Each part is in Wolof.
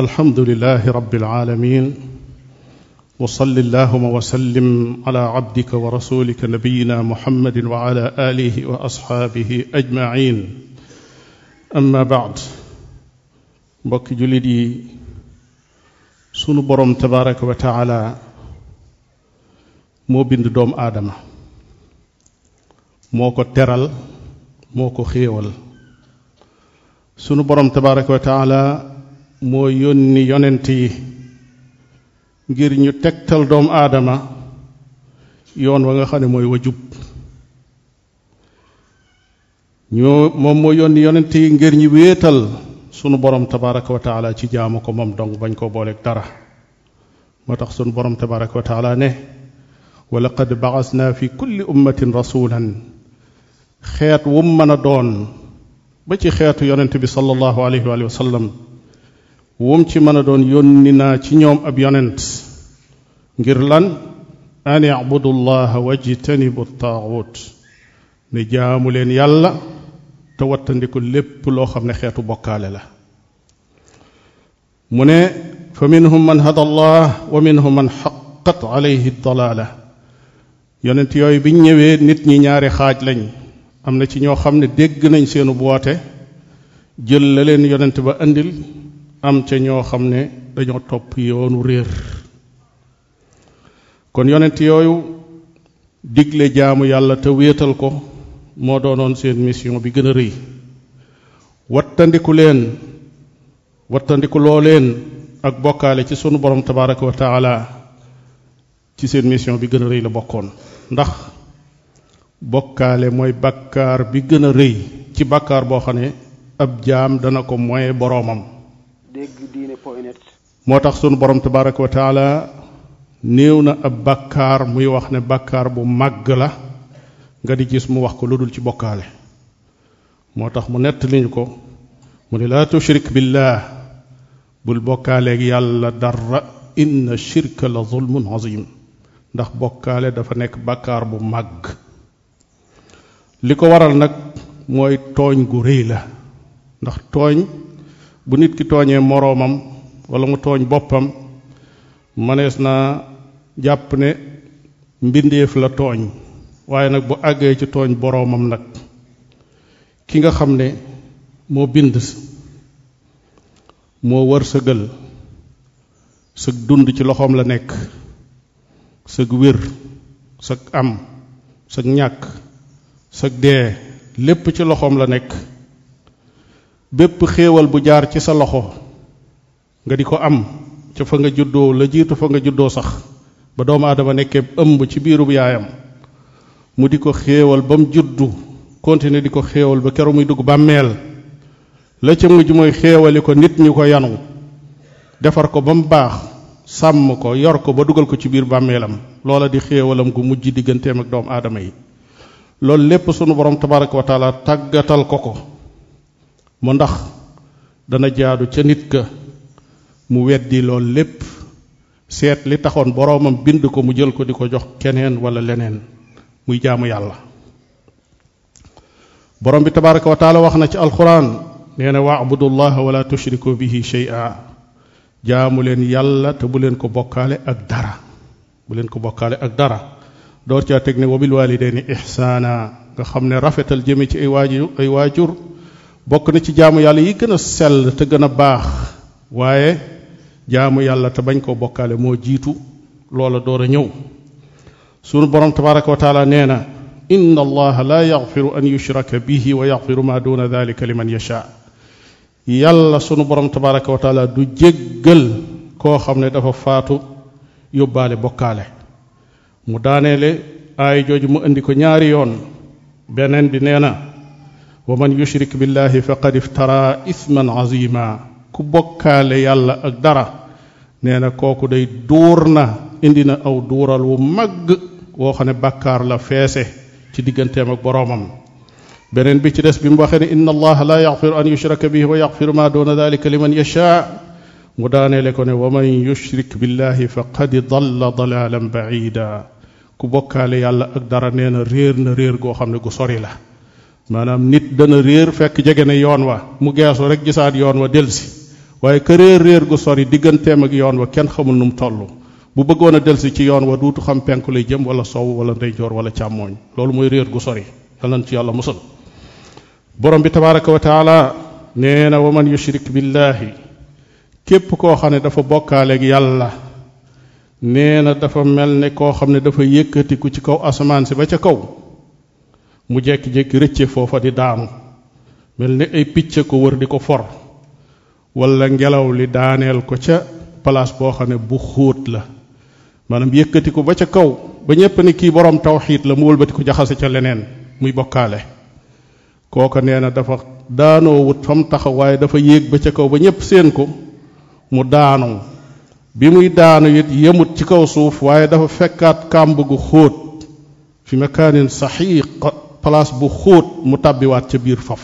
alhamdulilahi rabbil aalamiin wa salli allaahumma wa sallim alaa abdika wa rasuulika nabiyyinaa muhammadin wa alaa aalihi wa asxaabihi ajmaciin amma bacd mbokki jullit yi sunu boroom tabaaraka wa taala moo bind doomu aadama moo ko teral moo ko xéewal sunu boroom tabaaraka wa taala moo yónni yonent yi ngir ñu tegtal doom aadama yoon wa nga xam ne mooy wa jub ñoo moom moo yónni yonent yi ngir ñi wéetal sunu borom tabaraka wa taala ci jaamu ko moom dong bañ koo booleeg dara moo tax sunu borom tabaraka wa taala ne wa laqad naa fi kulli ummatin rasulan xeet wum mën a doon ba ci xeetu yonent bi sallallahu alayhi wa sallam wum ci mën a doon yónni naa ci ñoom ab yonent ngir lan an ibudu llaha wajtanibu taaxut ne jaamu leen yàlla te wattandiku lépp loo xam ne xeetu bokkaale la mu ne fa minhum man hada allah wa minhum man xaqat alayhi dalaala yonent yooyu biñ ñëwee nit ñi ñaari xaaj lañ am na ci ñoo xam ne dégg nañ seenu boote jël la leen yonent ba andil am ca ñoo xam ne dañoo topp yoonu réer kon yonent yooyu digle jaamu yàlla te wéetal ko moo doonoon seen mission bi gën a rëy wattandiku leen wattandiku loo leen ak bokkaale ci sunu borom tabaraka wa taala ci seen mission bi gën a rëy la bokkoon ndax bokkaale mooy bakkaar bi gën a rëy ci bakkaar boo xam ne ab jaam dana ko moye boroomam moo tax sunu borom tabaraka wa néew na ab bàkkaar muy wax ne bàkkaar bu màgg la nga di gis mu wax ko lu dul ci bokkaale moo tax mu nett liñu ko mu ne laa tushrik billah bul bokkaaleeg yàlla dara inna shirka la zulmun azim ndax bokkaale dafa nekk bakkaar bu màgg li ko waral nag mooy tooñ gu rëy la ndax tooñ bu nit ki tooñee moroomam wala mu tooñ boppam mënees naa jàpp ne mbindeef la tooñ waaye nag bu àggee ci tooñ boroomam nag ki nga xam ne moo bind moo wër sëgal sëg dund ci loxoom la nekk sëg wér sëg am sëg ñàkk sëg dee lépp ci loxoom la nekk bépp xéewal bu jaar ci sa loxo nga di ko am ca fa nga juddoo la jiitu fa nga juddoo sax ba doomu aadama nekkee ëmb ci biirub yaayam mu di ko xéewal ba mu juddu continuer di ko xéewal ba keroog muy dugg bàmmeel la ca mujj mooy xéewali ko nit ñu ko yanu defar ko ba mu baax sàmm ko yor ko ba dugal ko ci biir bàmmeelam loola di xéewalam ku mujj digganteem ak doomu aadama yi loolu lépp sunu borom tabaraka wa taala tàggatal ko ko mu ndax dana jaadu ca nit ka mu weddi lool lépp seet li taxoon boroomam bind ko mu jël ko di ko jox keneen wala leneen muy jaamu yàlla borom bi tabaraka wa taala wax na ci alquran nee na waabudullaha wala tushriku bihi shay'a jaamu leen yàlla te bu leen ko bokkaale ak dara bu leen ko bokkaale ak dara door ca teg ne wabil walidaini ihsaana nga xam ne rafetal jëme ci ay waajur ay waajur bokk na ci jaamu yàlla yi gën a te gën a baax waaye jaamu yàlla te bañ koo bokkaale moo jiitu loola door a ñëw sunu borom tabaraka wa taala nee na inna allaha la yaxfiru an yushraka bihi wa yaxfiru ma duna dalika liman yasha yàlla sunu borom tabaraka wa taala du jéggal koo xam ne dafa faatu yóbbaale bokkaale mu daaneele aay jooju mu indi ko ñaari yoon beneen bi nee na wa man yushrik billahi faqad iftara isman azima ku bokkaale yàlla ak dara nee na kooku day duur na indi na aw duural wu màgg woo xam ne bàkkaar la feese ci digganteem ak boroomam beneen bi ci des bi mu waxee ne inna allaha la yaxfiru an yushraka bihi wa yaxfiru ma duna dalika liman yasha mu daaneele ko ne wa man yushrik billahi faqad dalla dalalan baida ku bokkaale yàlla ak dara nee na réer na réer goo xam ne gu sori la maanaam nit dana réer fekk jege na yoon wa mu geesu rek gisaat yoon wa delsi waaye ka réer gu sori digganteem ak yoon wa kenn xamul nu mu toll bu bëggoon a delsi ci yoon wa duutu xam penku lay jëm wala sow wala ndeyjoor wala càmmooñ loolu mooy réer gu sori dalan ci yàlla musal borom bi tabaraka wa taala nee na wa man yushrik billahi képp koo xam ne dafa bokkaaleeg yàlla nee na dafa mel ne koo xam ne dafa yëkkatiku ci kaw asamaan si ba ca kaw mu jékki-jékki rëcce foofa di daanu mel ni ay picc ko wër di ko for wala ngelaw li daaneel ko ca palaas boo xam ne bu xóot la maanaam yékkati ko ba ca kaw ba ñépp ne kii borom tawxiit la mu wëlbati ko jaxase ca leneen muy bokkaale kooka nee na dafa daanoo wut fa mu taxaw waaye dafa yéeg ba ca kaw ba ñépp séen ko mu daanu bi muy daanu it yemut ci kaw suuf waaye dafa fekkaat kàmb gu xóot fi makaanin saxiiq place bu xóot mu tàbbiwaat ca biir faf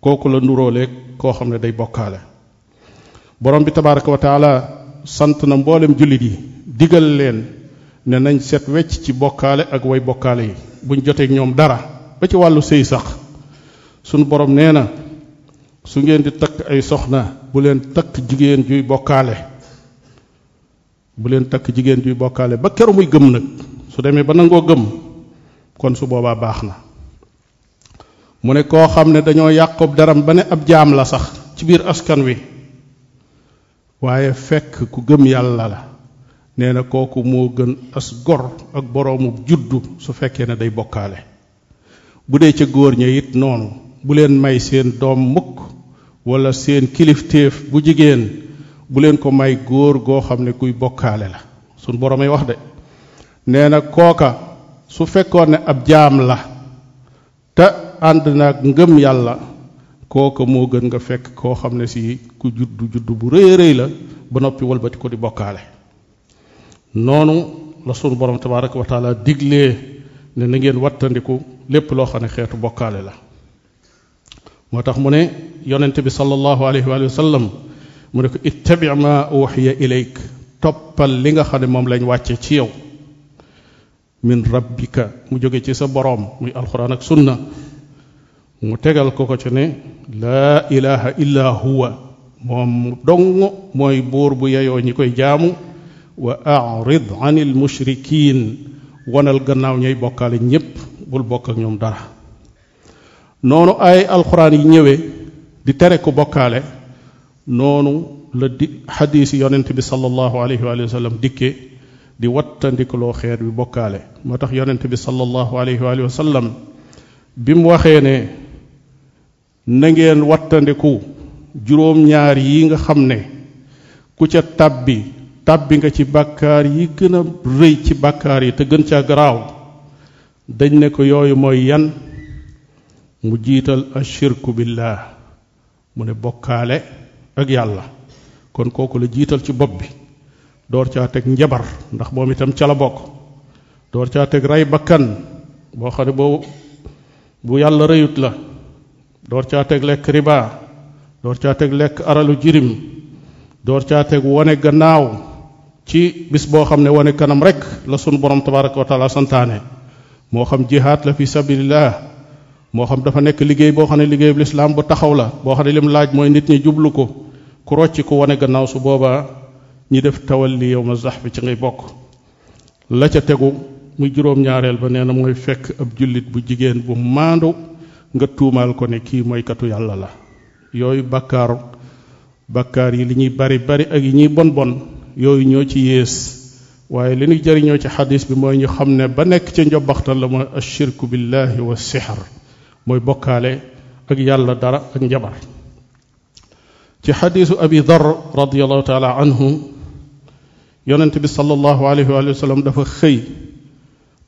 kooku la nuróoleeg koo xam ne day bokkaale borom bi tabaraka wa taala sant na mboolem jullit yi digal leen ne nañ set wecc ci bokkaale ak way bokkaale yi buñ joteeg ñoom dara ba ci wàllu sëy sax sunu borom nee na su ngeen di takk ay soxna bu leen takk jigéen juy bokkaale bu leen takk jigéen juy bokkaale ba keru muy gëm nag su demee ba nangoo gëm kon su boobaa baax na mu ne koo xam ne dañoo yàqob daram ba ne ab jaam la sax ci biir askan wi waaye fekk ku gëm yàlla la nee na kooku moo gën as gor ak boroomu juddu su fekkee ne day bokkaale bu dee ca góor ña noonu bu leen may seen doom mbukk wala seen kiliftéef bu jigéen bu leen ko may góor goo xam ne kuy bokkaale la suñ boroomay wax de nee na kooka su fekkoon ne ab jaam la te ànd naag ngëm yàlla kooka moo gën nga fekk koo xam ne si ku juddu juddu bu rëy rëy la ba noppi walbati ko di bokkaale noonu la sunu borom tabaraka wa taala diglee ne na ngeen wattandiku lépp loo xam ne xeetu bokkaale la moo tax mu ne yonente bi sallallahu alayhi wa mu ne ko ittabi ma uxiya ilayk toppal li nga xam ne moom lañ wàcce ci yow min rabbika mu jóge ci sa boroom muy alxuraan ak sunna mu tegal ko ko ci ne laa ilaha illa huwa moom dong mooy buur bu yeyoo ñi koy jaamu wa arid anil mushrikin wanal gannaaw ñay bokkaale ñépp bul bokk ñoom dara noonu ay alxuraan yi ñëwee di tere ko bokkaale noonu la di xadiis yonent bi sallallahu alayhi wa sallam dikkee di wattandikuloo xeer bi bokkaale moo tax yonent bi sallallahu alayhi wa sallam bi mu waxee ne na wattandiku juróom-ñaar yi nga xam ne ku ca tàbbi tàbbi nga ci bàkkaar yi gën a réy ci bàkkaar yi te gën ca garaaw dañ ne ko yooyu mooy yan mu jiital ashirku billah mu ne bokkaale ak yàlla kon kooku la jiital ci bopp bi door caa teg njabar ndax moom itam ca la bokk door caa teg rey bakkan boo xam ne boo bu yàlla rëyut la door caa teg lekk riba door caa teg lekk aralu jirim door caa teg wane gannaaw ci bis boo xam ne wane kanam rek la sunu borom tabaraka wa santaane moo xam jihaad la fi sabilillah moo xam dafa nekk liggéey boo xam ne liggéeyu lislaam bu taxaw la boo xam ne lim laaj mooy nit ñi jublu ko ku rocc ku wane gannaaw su boobaa ñi def tawalli yawma zahfi ci ngay bokk la ca tegu mu juróom-ñaareel ba nee na mooy fekk ab jullit bu jigéen bu maandu nga tuumaal ko ne kii mooykatu yàlla la yooyu bàkkaar bàkkaar yi li ñuy bari bari ak yi ñuy bon bon yooyu ñoo ci yées waaye li ñuy jariñoo ci xadis bi mooy ñu xam ne ba nekk ca njobaxtal la mooy ashirku billahi wa sixar mooy bokkaale ak yàlla dara ak njabar ci xadisu abi dar radiallahu taala anhu yonent bi sallallahu alayhi wa sallam dafa xëy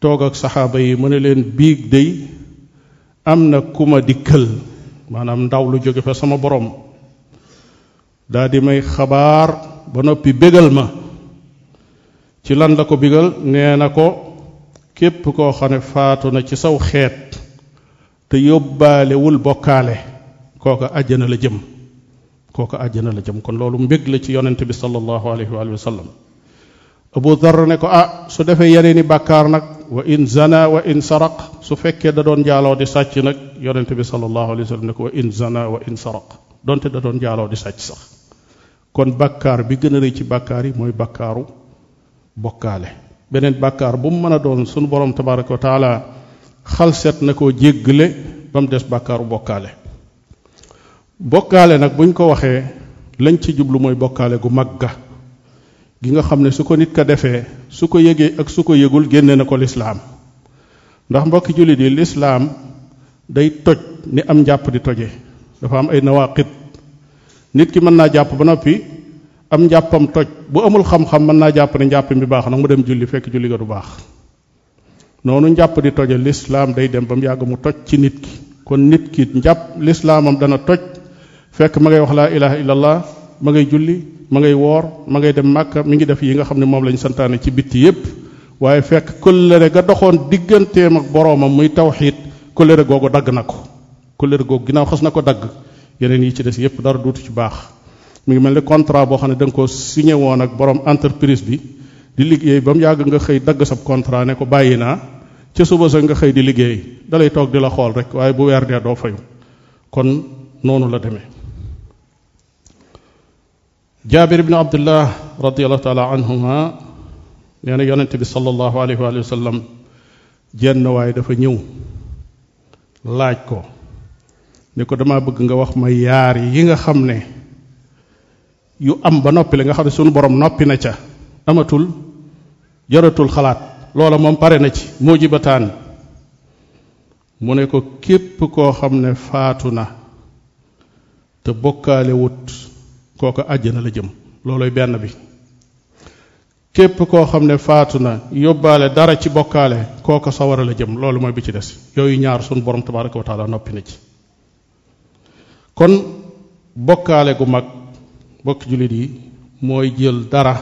toog ak saxaaba yi mu leen biig day am na ku ma dikkal maanaam ndaw lu jóge fa sama borom daa di may xabaar ba noppi bégal ma ci lan la ko bégal nee na ko képp koo xam ne faatu na ci saw xeet te yóbbaalewul bokkaale kooka àjjana la jëm kooka àjjana la jëm kon loolu mbég la ci yonent bi sallallahu alayhi wa sallam abu dar ne ko ah su defee yeneeni bàkkaar nag wa in zana wa in saraq su fekkee da doon jaaloo di sàcc nag yonent bi sallallahu alayhi wa sallam ne ko wa in zana wa in saraq donte da doon jaaloo di sàcc sax kon bàkkaar bi gën a rëy ci bakkaar yi mooy bakkaaru bokkaale beneen bakkaar bu mu mën a doon sunu borom tabaraka wa taala xalset na koo jéggale ba mu des bàkkaaru bokkaale bokkaale nag buñ ko waxee lañ ci jublu mooy bokkaale gu mag ga gi nga xam ne su ko nit ka defee su ko yëgee ak su ko yégul génne na ko lislaam ndax mbokki jullit yi lislaam day toj ni am njàpp di toje dafa am ay nawaqit nit ki mën naa jàpp ba noppi am njàppam toj bu amul xam-xam man naa jàpp ne njàpp mi baax na mu dem julli fekk julli ga baax noonu njàpp di toje lislaam day dem ba mu yàgg mu toj ci nit ki kon nit ki njàpp lislaamam dana toj fekk ma ngay wax laa ilaha illallah ma ngay julli ma ngay woor ma ngay dem màkka mu ngi def yi nga xam ne moom lañu santaane ci bitti yépp waaye fekk kóllëre ga doxoon digganteem ak boroomam muy tawxiid kóllëre googu dagg na ko kóllëre googu ginnaaw xas na ko dagg yeneen yi ci des yépp dara duutu ci baax mu ngi mel ni contrat boo xam ne da nga ko signé woon ak borom entreprise bi di liggéey ba mu yàgg nga xëy dagg sab contrat ne ko bàyyi naa ca suba sa nga xëy di liggéey dalay toog di la xool rek waaye bu weer dee doo fayu kon noonu la demee jaabir ibn abdullah radiallahu taala anhuma nee na yonent bi salallahu alayhi wa sallam jenn waaye dafa ñëw laaj ko ni ko dama bëgg nga wax ma yaar yi nga xam ne yu am ba noppi li nga xam ne sunu borom noppi na ca amatul jaratul xalaat loola moom pare na ci moo jibataan mu ne ko képp koo xam ne faatu na te bokkaale wut kooku àjjana la jëm looloy benn bi képp koo xam ne faatu na yóbbaale dara ci bokkaale kooku sawara la jëm loolu mooy bi ci des yooyu ñaar sunu borom tabaraka wa taala noppi na ci kon bokkaale gu mag bokk jullit yi mooy jël dara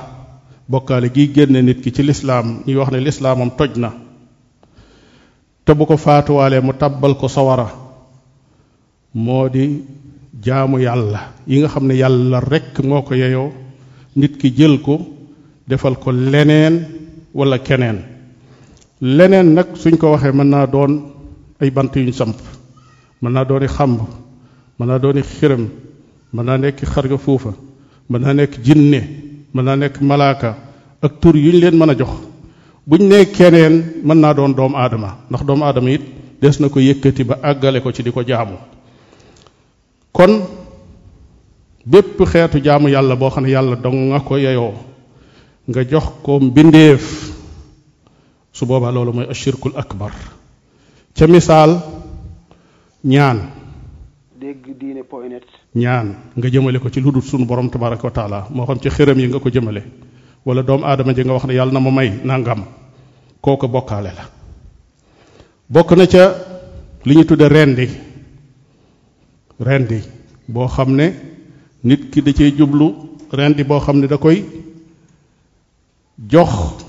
bokkaale gi génne nit ki ci lislaam ñuy wax ne lislaamam toj na te bu ko faatuwaalee mu tabbal ko sawara moo di jaamu yàlla yi nga xam ne yàlla rekk moo ko yeyoo nit ki jël ko defal ko leneen walla keneen leneen nag suñ ko waxee mën naa doon ay bant yuñ samp mën naa dooni xamb mën naa dooni xiram mën naa nekk xarga fuufa mën naa nekk jinne mën naa nekk malaaka ak tur yu leen mën a jox bu ñu nee keneen mën naa doon doomu aadama ndax doomu aadama it des na ko yëkkati ba àggale ko ci di ko jaamu kon bépp xeetu jaamu yàlla boo xam ne yàlla dong nga ko yeyoo nga jox ko mbindeef su boobaa loolu mooy ashirkul akbar ca misaal ñaan ñaan nga jëmale ko ci lu dul sunu borom tabaraka wa taala moo xam ci xërëm yi nga ko jëmale wala doomu aadama ji nga wax ne yàlla na ma may nangam kooku bokkaale la bokk na ca li ñu tudde rendi rendi boo xam ne nit ki da cee jublu rendi boo xam ne da koy jox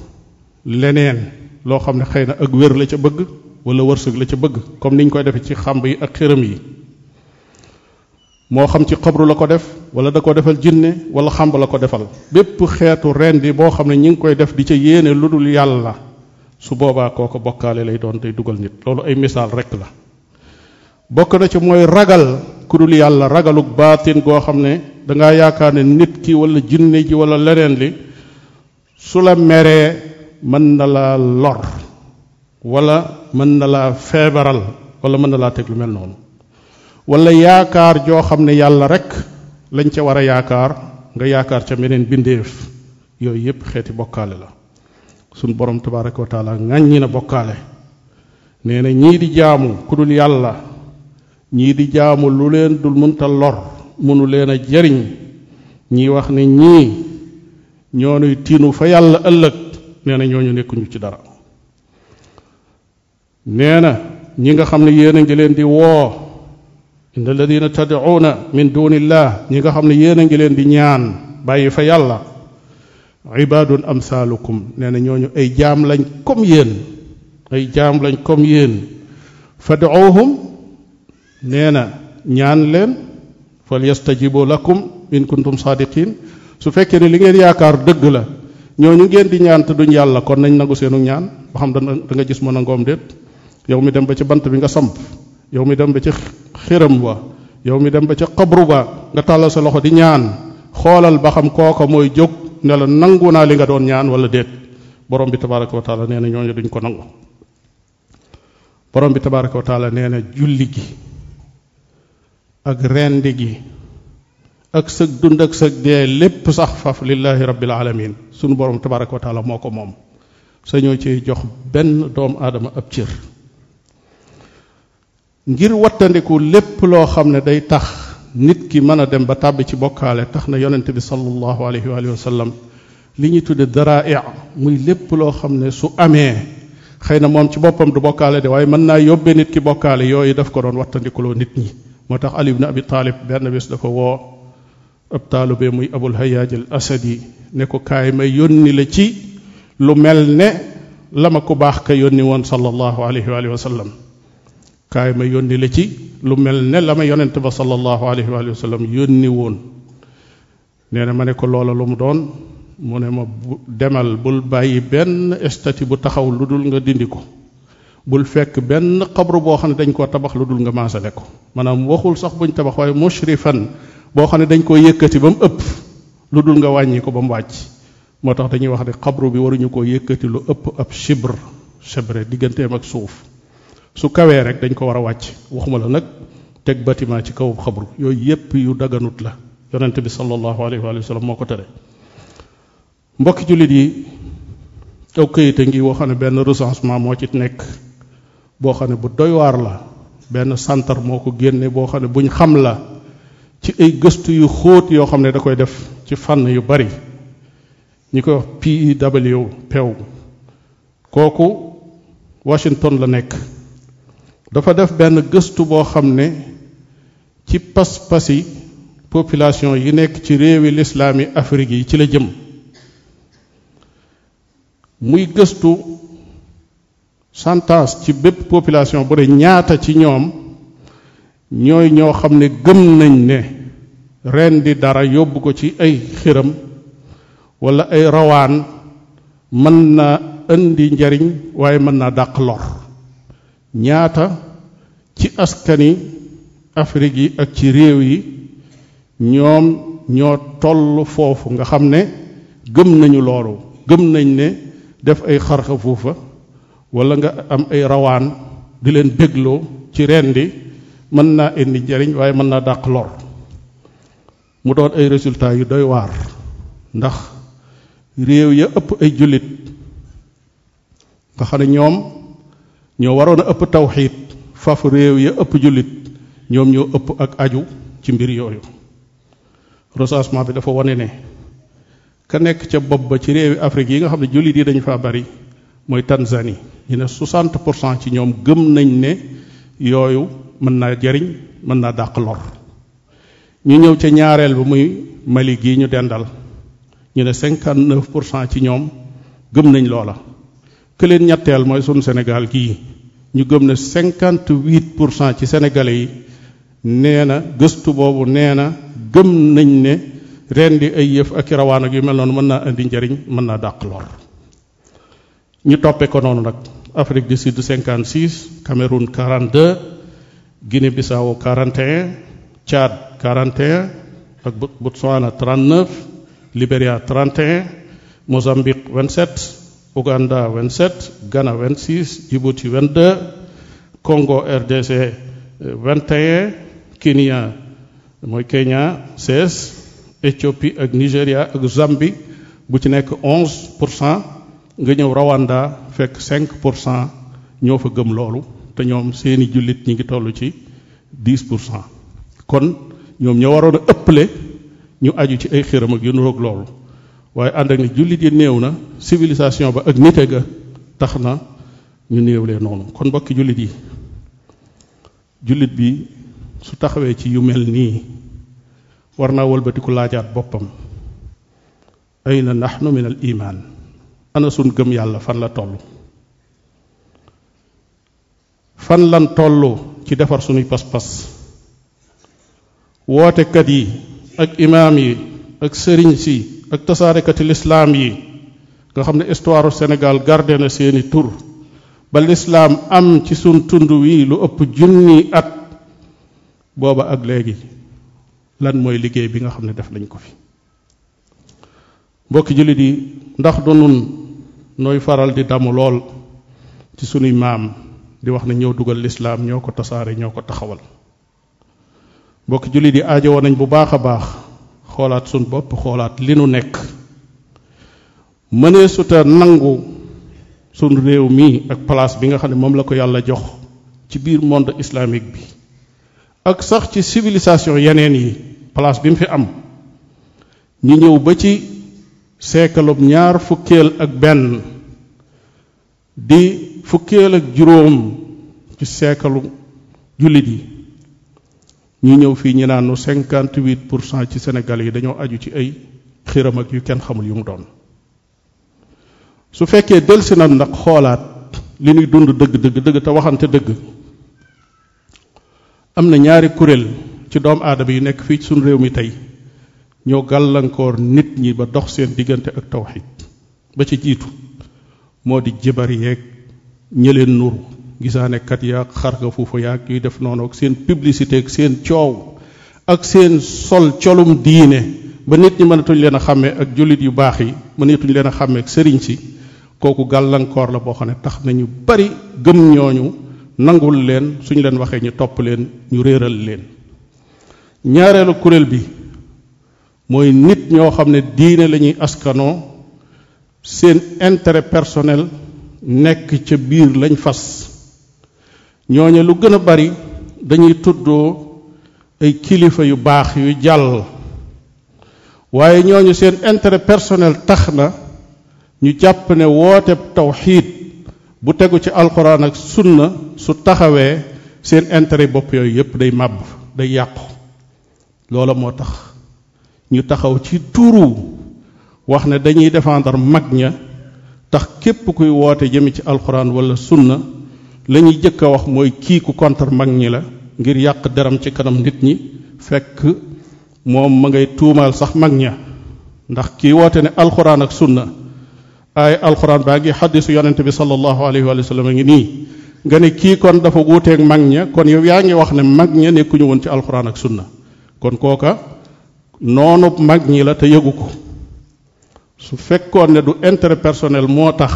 leneen loo xam ne xëy na ak wér la ca bëgg wala wërsëg la ca bëgg comme niñ koy defee ci xàmb yi ak xërëm yi moo xam ci xabru la ko def wala da koo defal jinne wala xàmb la ko defal bépp xeetu rendi boo xam ne ñi ngi koy def di ca yéene lu dul yàlla su boobaa koo ko bokkaale lay doon tey dugal nit loolu ay misaal rekk la bokk na ci mooy ragal ku dul yàlla ragaluk baatin goo xam ne dangaa yaakaar ne nit ki wala jinne ji wala leneen li su la meree mën na laa lor wala mën na laa feebaral wala mën na laa teg lu mel noonu walla yaakaar joo xam ne yàlla rek lañ ca war a yaakaar nga yaakaar ca meneen bindeef yooyu yépp xeeti bokkaale la suñ borom tabaraka wa taala ŋàññi na bokkaale nee ñii di jaamu ku yàlla ñii di jaamu lu leen dul mënta lor mënu leen a jariñ ñii wax ne ñii ñoonuy tiinu fa yàlla ëllëg nee na ñooñu nekkuñu ci dara nee na ñi nga xam ne yéen a ngi leen di woo inna alladina tad'una min dunillah ñi nga xam ne yéen a ngi leen di ñaan bàyyi fa yàlla ibadun amsalukum nee na ñooñu ay jaam lañ comme yéen ay jaam lañ comme yéen fad'uhum nee na ñaan leen fal yastajibu lakum in kuntum saadiqin su fekke ne li ngeen yaakaar dëgg la ñooñu ngeen di ñaan te duñ yàlla kon nañ nangu seenu ñaan ba xam da nga gis mën a ngoom déet yow mi dem ba ci bant bi nga samp yow mi dem ba ci xiram wa yow mi dem ba ca xabru ba nga tàllal sa loxo di ñaan xoolal ba xam kooka mooy jóg ne la nangu naa li nga doon ñaan wala déet borom bi tabaraka wa taala nee na ñooñu duñ ko nangu boroom bi tabaraka wa nee na julli gi ak rendi gi ak sëg dund ak sëg dee lépp sax faf lillahi rabbil alamin sunu borom tabaraka wa taala moo ko moom sañoo ci jox benn doomu aadama ab cër ngir wattandiku lépp loo xam ne day tax nit ki mën a dem ba tàbbi ci bokkaale tax na yonent bi sallallahu alayhi wa sallam li ñuy tudde darai muy lépp loo xam ne su amee xay na moom ci boppam du bokkaale de waaye mën naa yóbbee nit ki bokkaale yooyu daf ko doon wattandikuloo nit ñi moo tax ali bi abi taalib benn bés dafa woo ab taalube muy abul hayaaj al asadi ne ko kaay may yónni la ci lu mel ne la ma ku baax ka yónni woon sallallahu alayhi wa sallam kaay ma yónni la ci lu mel ne la ma yonent ba sallallahu alayhi wa sallam yónni woon nee na ma ne ko loola lu mu doon mu ne ma demal bul bàyyi benn estati bu taxaw lu dul nga dindi ko bul fekk benn xabru boo xam ne dañ koo tabax lu dul nga maasale ko maanaam waxul sax buñ tabax waaye fan boo xam ne dañ koo yëkkati ba mu ëpp lu dul nga wàññi ko ba mu wàcc moo tax dañuy wax ne xabru bi waruñu koo yëkkati lu ëpp ab chibr chebre digganteem ak suuf su kawee rek dañ ko war a wàcc waxuma la nag teg bâtiment ci kaw xabru yooyu yépp yu daganut la yonente bi sallallahu alayhi wa sallam moo ko tere mbokki jullit yi aw këyit a ngi woo xam ne benn recensement moo ci nekk boo xam ne bu doy waar la benn santar moo ko génne boo xam ne buñ xam la ci ay gëstu yu xóot yoo xam ne da koy def ci fànn yu bari ñi koy wax PIW e pew kooku Washington la nekk dafa def benn gëstu boo xam ne ci pas-pas yi population yi nekk ci réewi lislaami Afrique yi ci la jëm muy gëstu chantage ci bépp population bu dee ñaata ci ñoom ñooy ñoo xam ne gëm nañ ne ren di dara yóbbu ko ci ay xiram walla ay rawaan mën na indi njariñ waaye mën naa dàq lor ñaata ci askani Afrique yi ak ci réew yi ñoom ñoo toll foofu nga xam ne gëm nañu loolu gëm nañ ne def ay xarxa foofa walla nga am ay rawaan di leen bégloo ci reen di mën naa indi jariñ waaye mën naa dàq lor mu doon ay résultats yu doy waar ndax réew ya ëpp ay jullit nga xam ne ñoom ñoo waroon a ëpp tawxiit faf réew ya ëpp jullit ñoom ñoo ëpp ak aju ci mbir yooyu recensement bi dafa wane ne ka nekk ca bopp ba ci réewi Afrique yi nga xam ne jullit yi dañu faa bari mooy Tanzanie ñu ne 60 pour cent ci ñoom gëm nañ ne yooyu mën naa jariñ mën naa dàq lor ñu ñëw ca ñaareel bi muy Mali gii ñu dendal ñu ne 59 pour cent ci ñoom gëm nañ loola que leen ñetteel mooy sunu Sénégal gii ñu gëm ne 58 pour cent ci sénégalais yi nee na gëstu boobu nee na gëm nañ ne rendi ay yëf ak i rawaan ak yu mel noonu mën naa indi njariñ mën naa dàq lor ñu toppee ko noonu nag Afrique du Sud 56 Cameroun 42 Guinée Bissau 41 Tchad 41 ak Botswana 39 Libéria 31 Mozambique 27 Ouganda 27 Ghana euh, mooy Kenya 16 Éthiopie ak Nigéria ak Zambie bu ci nekk 11 nga ñëw rawandaa fekk 5 pour cent ñoo fa gëm loolu te ñoom seeni jullit ñi ngi toll ci 10 pour cent kon ñoom ñoo waroon a ëpple ñu aju ci ay xiram ak yu nuroog loolu waaye ànd ak ni jullit yi néew na civilisation ba ak nite ga tax na ñu néewlee noonu kon mbokki jullit yi jullit bi su taxawee ci yu mel nii war naa wëlbatiku laajaat boppam ayna nahnu min al iman ana sun gëm yàlla fan la toll fan lan toll ci defar suñuy pas-pas kat yi ak imaam yi ak sëriñ si ak kati lislaam yi nga xam ne histoire Sénégal gardé na seeni tur ba lislaam am ci sun tund wi lu ëpp junni at booba ak léegi lan mooy liggéey bi nga xam ne def lañ ko fi mbokki jullit yi ndax du nun nooy faral di damu lool ci sunuy maam di wax na ñëw dugal lislaam ñoo ko tasaare ñoo ko taxawal mbokki jullit yi aajowoo nañ bu baax a baax xoolaat sun bopp xoolaat li nu nekk mënee suta nangu sun réew mii ak place bi nga xam ne moom la ko yàlla jox ci biir monde islamique bi ak sax ci civilisation yeneen yi place bi mu fi am ñu ñëw ba ci seekalub ñaar fukkeel ak benn di fukkeel ak juróom ci seekalu jullit yi ñuy ñëw fii ñu naanu cinquante huit pour cent ci senegal yi dañoo aju ci ay xiram ak yu kenn xamul yu mu doon su fekkee delsi na nag xoolaat li ñuy dund dëgg dëgg dëgg te waxante dëgg am na ñaari kuréel ci doomu aadama yu nekk fii ci suñu réew mi tey ñoo gàllankoor nit ñi ba dox seen diggante ak tawxid ba ci jiitu moo di jabar jibar yeeg ñi leen nuru gisaanekat yaag xarga fuufu yaag yuy def noonu ak seen publicité ak seen coow ak seen sol colum diine ba nit ñi mënatuñ leen a xàmmee ak jullit yu baax yi mënatuñ leen a xàmmee ak sëriñ si kooku gàllankoor la boo xam ne tax na ñu bari gëm ñooñu nangul leen suñ leen waxee ñu topp leen ñu réeral leen ñaareelu kuréel bi mooy nit ñoo xam ne diine la ñuy askanoo seen intérêt personnel nekk ca biir lañ fas ñooñe lu gën a bari dañuy tuddoo ay kilifa yu baax yu jàll waaye ñooñu seen intérêt personnel tax na ñu jàpp ne woote tawxiid bu tegu ci alxuraan ak sunna su taxawee seen intérêt bopp yooyu yépp day màbb day yàqu loola moo tax ñu taxaw ci turu wax ne dañuy défendre mag ña tax képp kuy woote jëme ci alxuraan wala sunna la ñuy jëkk wax mooy kii ku contre mag ñi la ngir yàq deram ci kanam nit ñi fekk moom ma ngay tuumaal sax mag ña ndax kii woote ni alxuraan ak sunna ay alxuraan baa ngi xaddisu yonente bi sallallahu alayhi wa sallam a ngi nii nga ne kii kon dafa wuuteeg mag ña kon yow yaa ngi wax ne mag ña nekkuñu woon ci alxuraan ak sunna kon kooka noonu mag ñi la te yëgu ko su fekkoon ne du intérêt personnel moo tax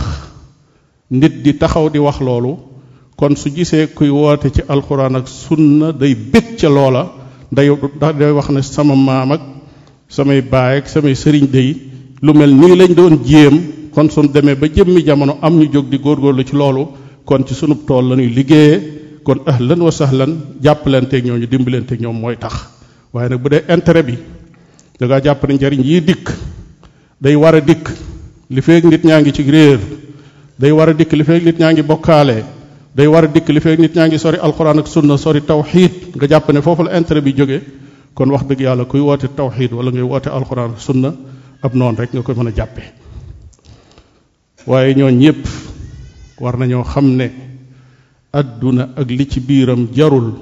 nit di taxaw di wax loolu kon su gisee kuy woote ci alxuraan ak sunna day bég ca loola day day wax ne sama maam ak samay baay ak samay sëriñ day lu mel nii lañ doon jéem kon suñ demee ba jëmmi jamono am ñu jóg di góorgóorlu ci loolu kon ci sunub tool la ñuy liggéeyee kon ahlan wa sahlan jàppalanteeg ñooñu dimbalanteeg ñoom mooy tax waaye nag bu dee intérêt bi da ngaa jàpp ne njariñ yii dikk day war a dikk li feeg nit ñaa ngi ci réer day war a dikk li feeg nit ñaa ngi bokkaale day war a dikk li feeg nit ñaa ngi sori alquran ak sunna sori tawxid nga jàpp ne foofu la intérêt bi jóge kon wax dëgg yàlla kuy woote tawxid wala ngay woote alquran ak sunna ab noonu rek nga koy mën a jàppe waaye ñooñ ñépp war nañoo xam ne àdduna ak li ci biiram jarul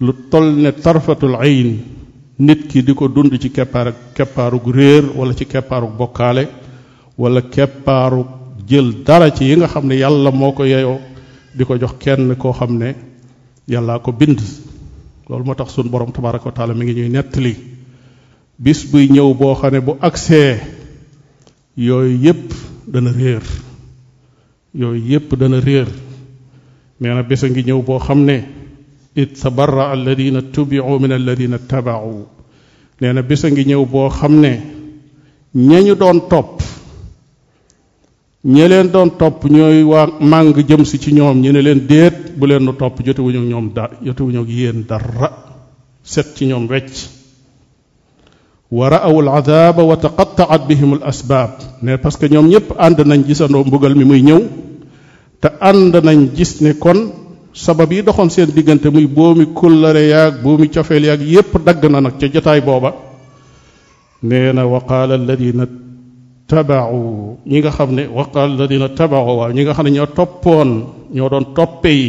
lu toll ne tarfatul ayn nit ki di ko dund ci keppaaru keppaarug réer wala ci keppaarug bokkaale wala keppaarug jël dara ci yi nga xam ne yàlla moo ko yeyoo di ko jox kenn koo xam ne yàllaa ko bind loolu moo tax suñ borom tabaraka wa taala mi ngi ñuy nettali bis buy ñëw boo xam ne bu agsee yooyu yépp dana réer yooyu yépp dana réer nee na bés ngi ñëw boo xam ne it tabarra alladina tubiu min alladina tabau nee na bés ngi ñëw boo xam ne ñañu doon topp ñe leen doon topp ñooy waa màng jëm si ci ñoom ñu ne leen déet bu leen nu topp jotewuñu ñoom da jotewuñu ak yéen dara set ci ñoom wecc wa raaw aladaaba wa taqattaat bihim al asbaab ne parce que ñoom ñëpp ànd nañ gisandoo mbugal mi muy ñëw te ànd nañ gis ne kon sabab yi doxoon seen diggante muy boomi kullare yaag boomi cofeel yaag yépp dagg na nag ca jotaay booba nee na waqaala alladina tabaau ñi nga xam ne waqaala alladina tabaau waaw ñi nga xam ne ñoo toppoon ñoo doon toppe yi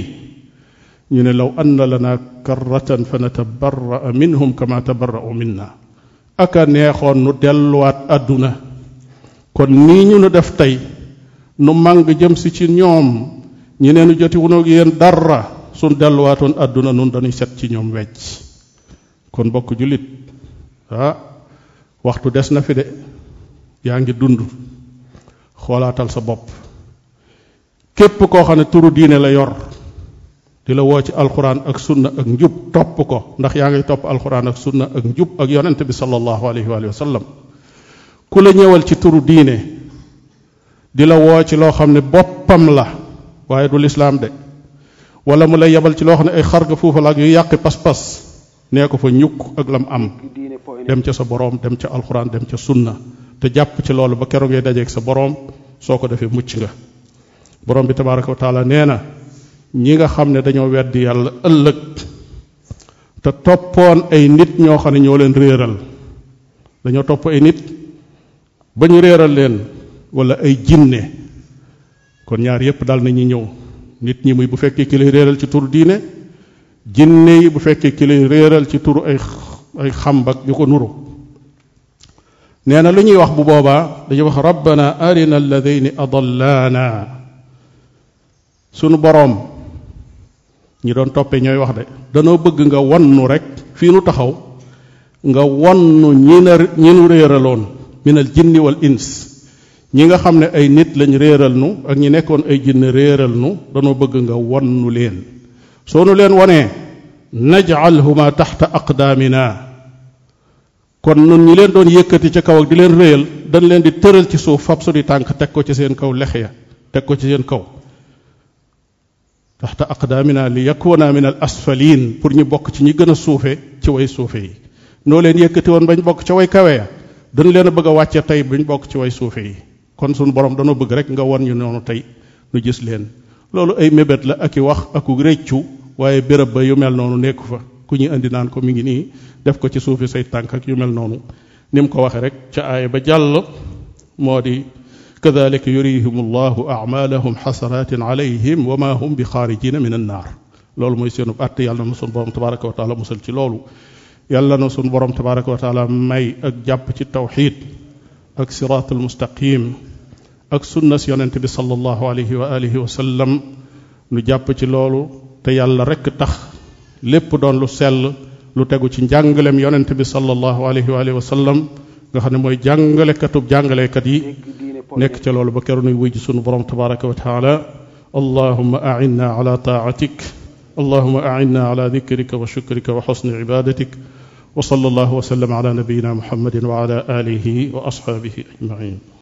ñu ne law anna lana karratan fa natabaraa minhum kama tabarau minna aka neexoon nu delluwaat àdduna kon nii ñu nu def tey nu màng jëm ci ñoom ñi neenu joti wunoog yéen dara sun delluwaatoon àdduna nun dañuy set ci ñoom wecc kon bokk jullit ah, waxtu des na fi de yaa ngi dund xoolaatal sa bopp képp koo xam ne turu diine la yor di la woo ci alxuraan ak sunna ak njub topp ko ndax yaa ngi topp alxuraan ak sunna ak njub ak yonent bi sallallahu alayhi wa sallam ku la ci turu diine di la woo ci loo xam ne boppam la waaye du lislaam de wala mu lay yebal ci loo xam ne ay xar nga fuufa la ak yu yàqi pas-pas nee ko fa ñukk ak lam am dem ca sa boroom dem ca alxuraan dem ca sunna te jàpp ci loolu ba keroog ngay dajeeg sa boroom soo ko defee mucc nga boroom bi tabaraka wa taala nee na ñi nga xam ne dañoo weddi yàlla ëllëg te toppoon ay nit ñoo xam ne ñoo leen réeral dañoo topp ay nit ba ñu réeral leen wala ay jinne kon ñaar yépp dal nañu ñëw nit ñi muy bu fekkee ki lay ci tur diine jinne yi bu fekkee ki lay ci tur ay ay xambak yu ko nuru nee na lu ñuy wax bu boobaa dañuy wax rabbana arina alladayni adallaana sunu boroom ñi doon toppe ñooy wax de danoo bëgg nga wonnu rek fii nu taxaw nga wonnu ñi na ñi nu réeraloon min al wal ins ñi nga xam ne ay nit lañ réeral nu ak ñi nekkoon ay jinne réeral nu danoo bëgg nga won nu leen soo nu leen wonee naj'alhuma taxta aqdaamina kon nun ñi leen doon yëkkati ca kaw ak di leen réyal dañ leen di tëral ci suuf fab su di tànk teg ko ci seen kaw lex ya teg ko ci seen kaw taxta aqdaamina li yakuna min al asfalin pour ñu bokk ci ñi gën a suufe ci way suufe yi noo leen yëkkati woon bañ bokk ca way kawe ya dañ leen a bëgg a wàcce tey bañ bokk ci way suufe yi kon sunu borom danoo bëgg rek nga won ñu noonu tey nu gis leen loolu ay mébét la ak i wax aku réccu waaye béréb ba yu mel noonu nekku fa ku ñu indi naan ko mi ngi nii def ko ci suufi say tànk ak yu mel noonu nim ko waxe rek ca aaya ba jàll moo di kadalika yurihim allahu amalahum xasaratin alayhim wa ma hum bi xaarijina min an naar loolu mooy seenub àtt yàlla na sunu borom tabaraka wa taala musal ci loolu yàlla na sunu borom tabaraka wa taala may ak jàpp ci tawxid ak siraatul mustaqim ak sunnas yonent bi sallallahu alayhi wa alihi wa sallam nu jàpp ci loolu te yàlla rekk tax lépp doon lu sell lu tegu ci njàngaleem yonent bi sallallahu sallam nga xam ne mooy jàngalekatub jàngalekat yi nekk ca loolu ba keru nuy wuy ji borom tabaraka wa taala allahuma ainna ala taatik allahuma ainna ala dikrika wa shukrika wa xusni ibadatik wa sallallahu wa sallam ala nabiyina muhammadin wa ala alihi wa ashabihi ajmain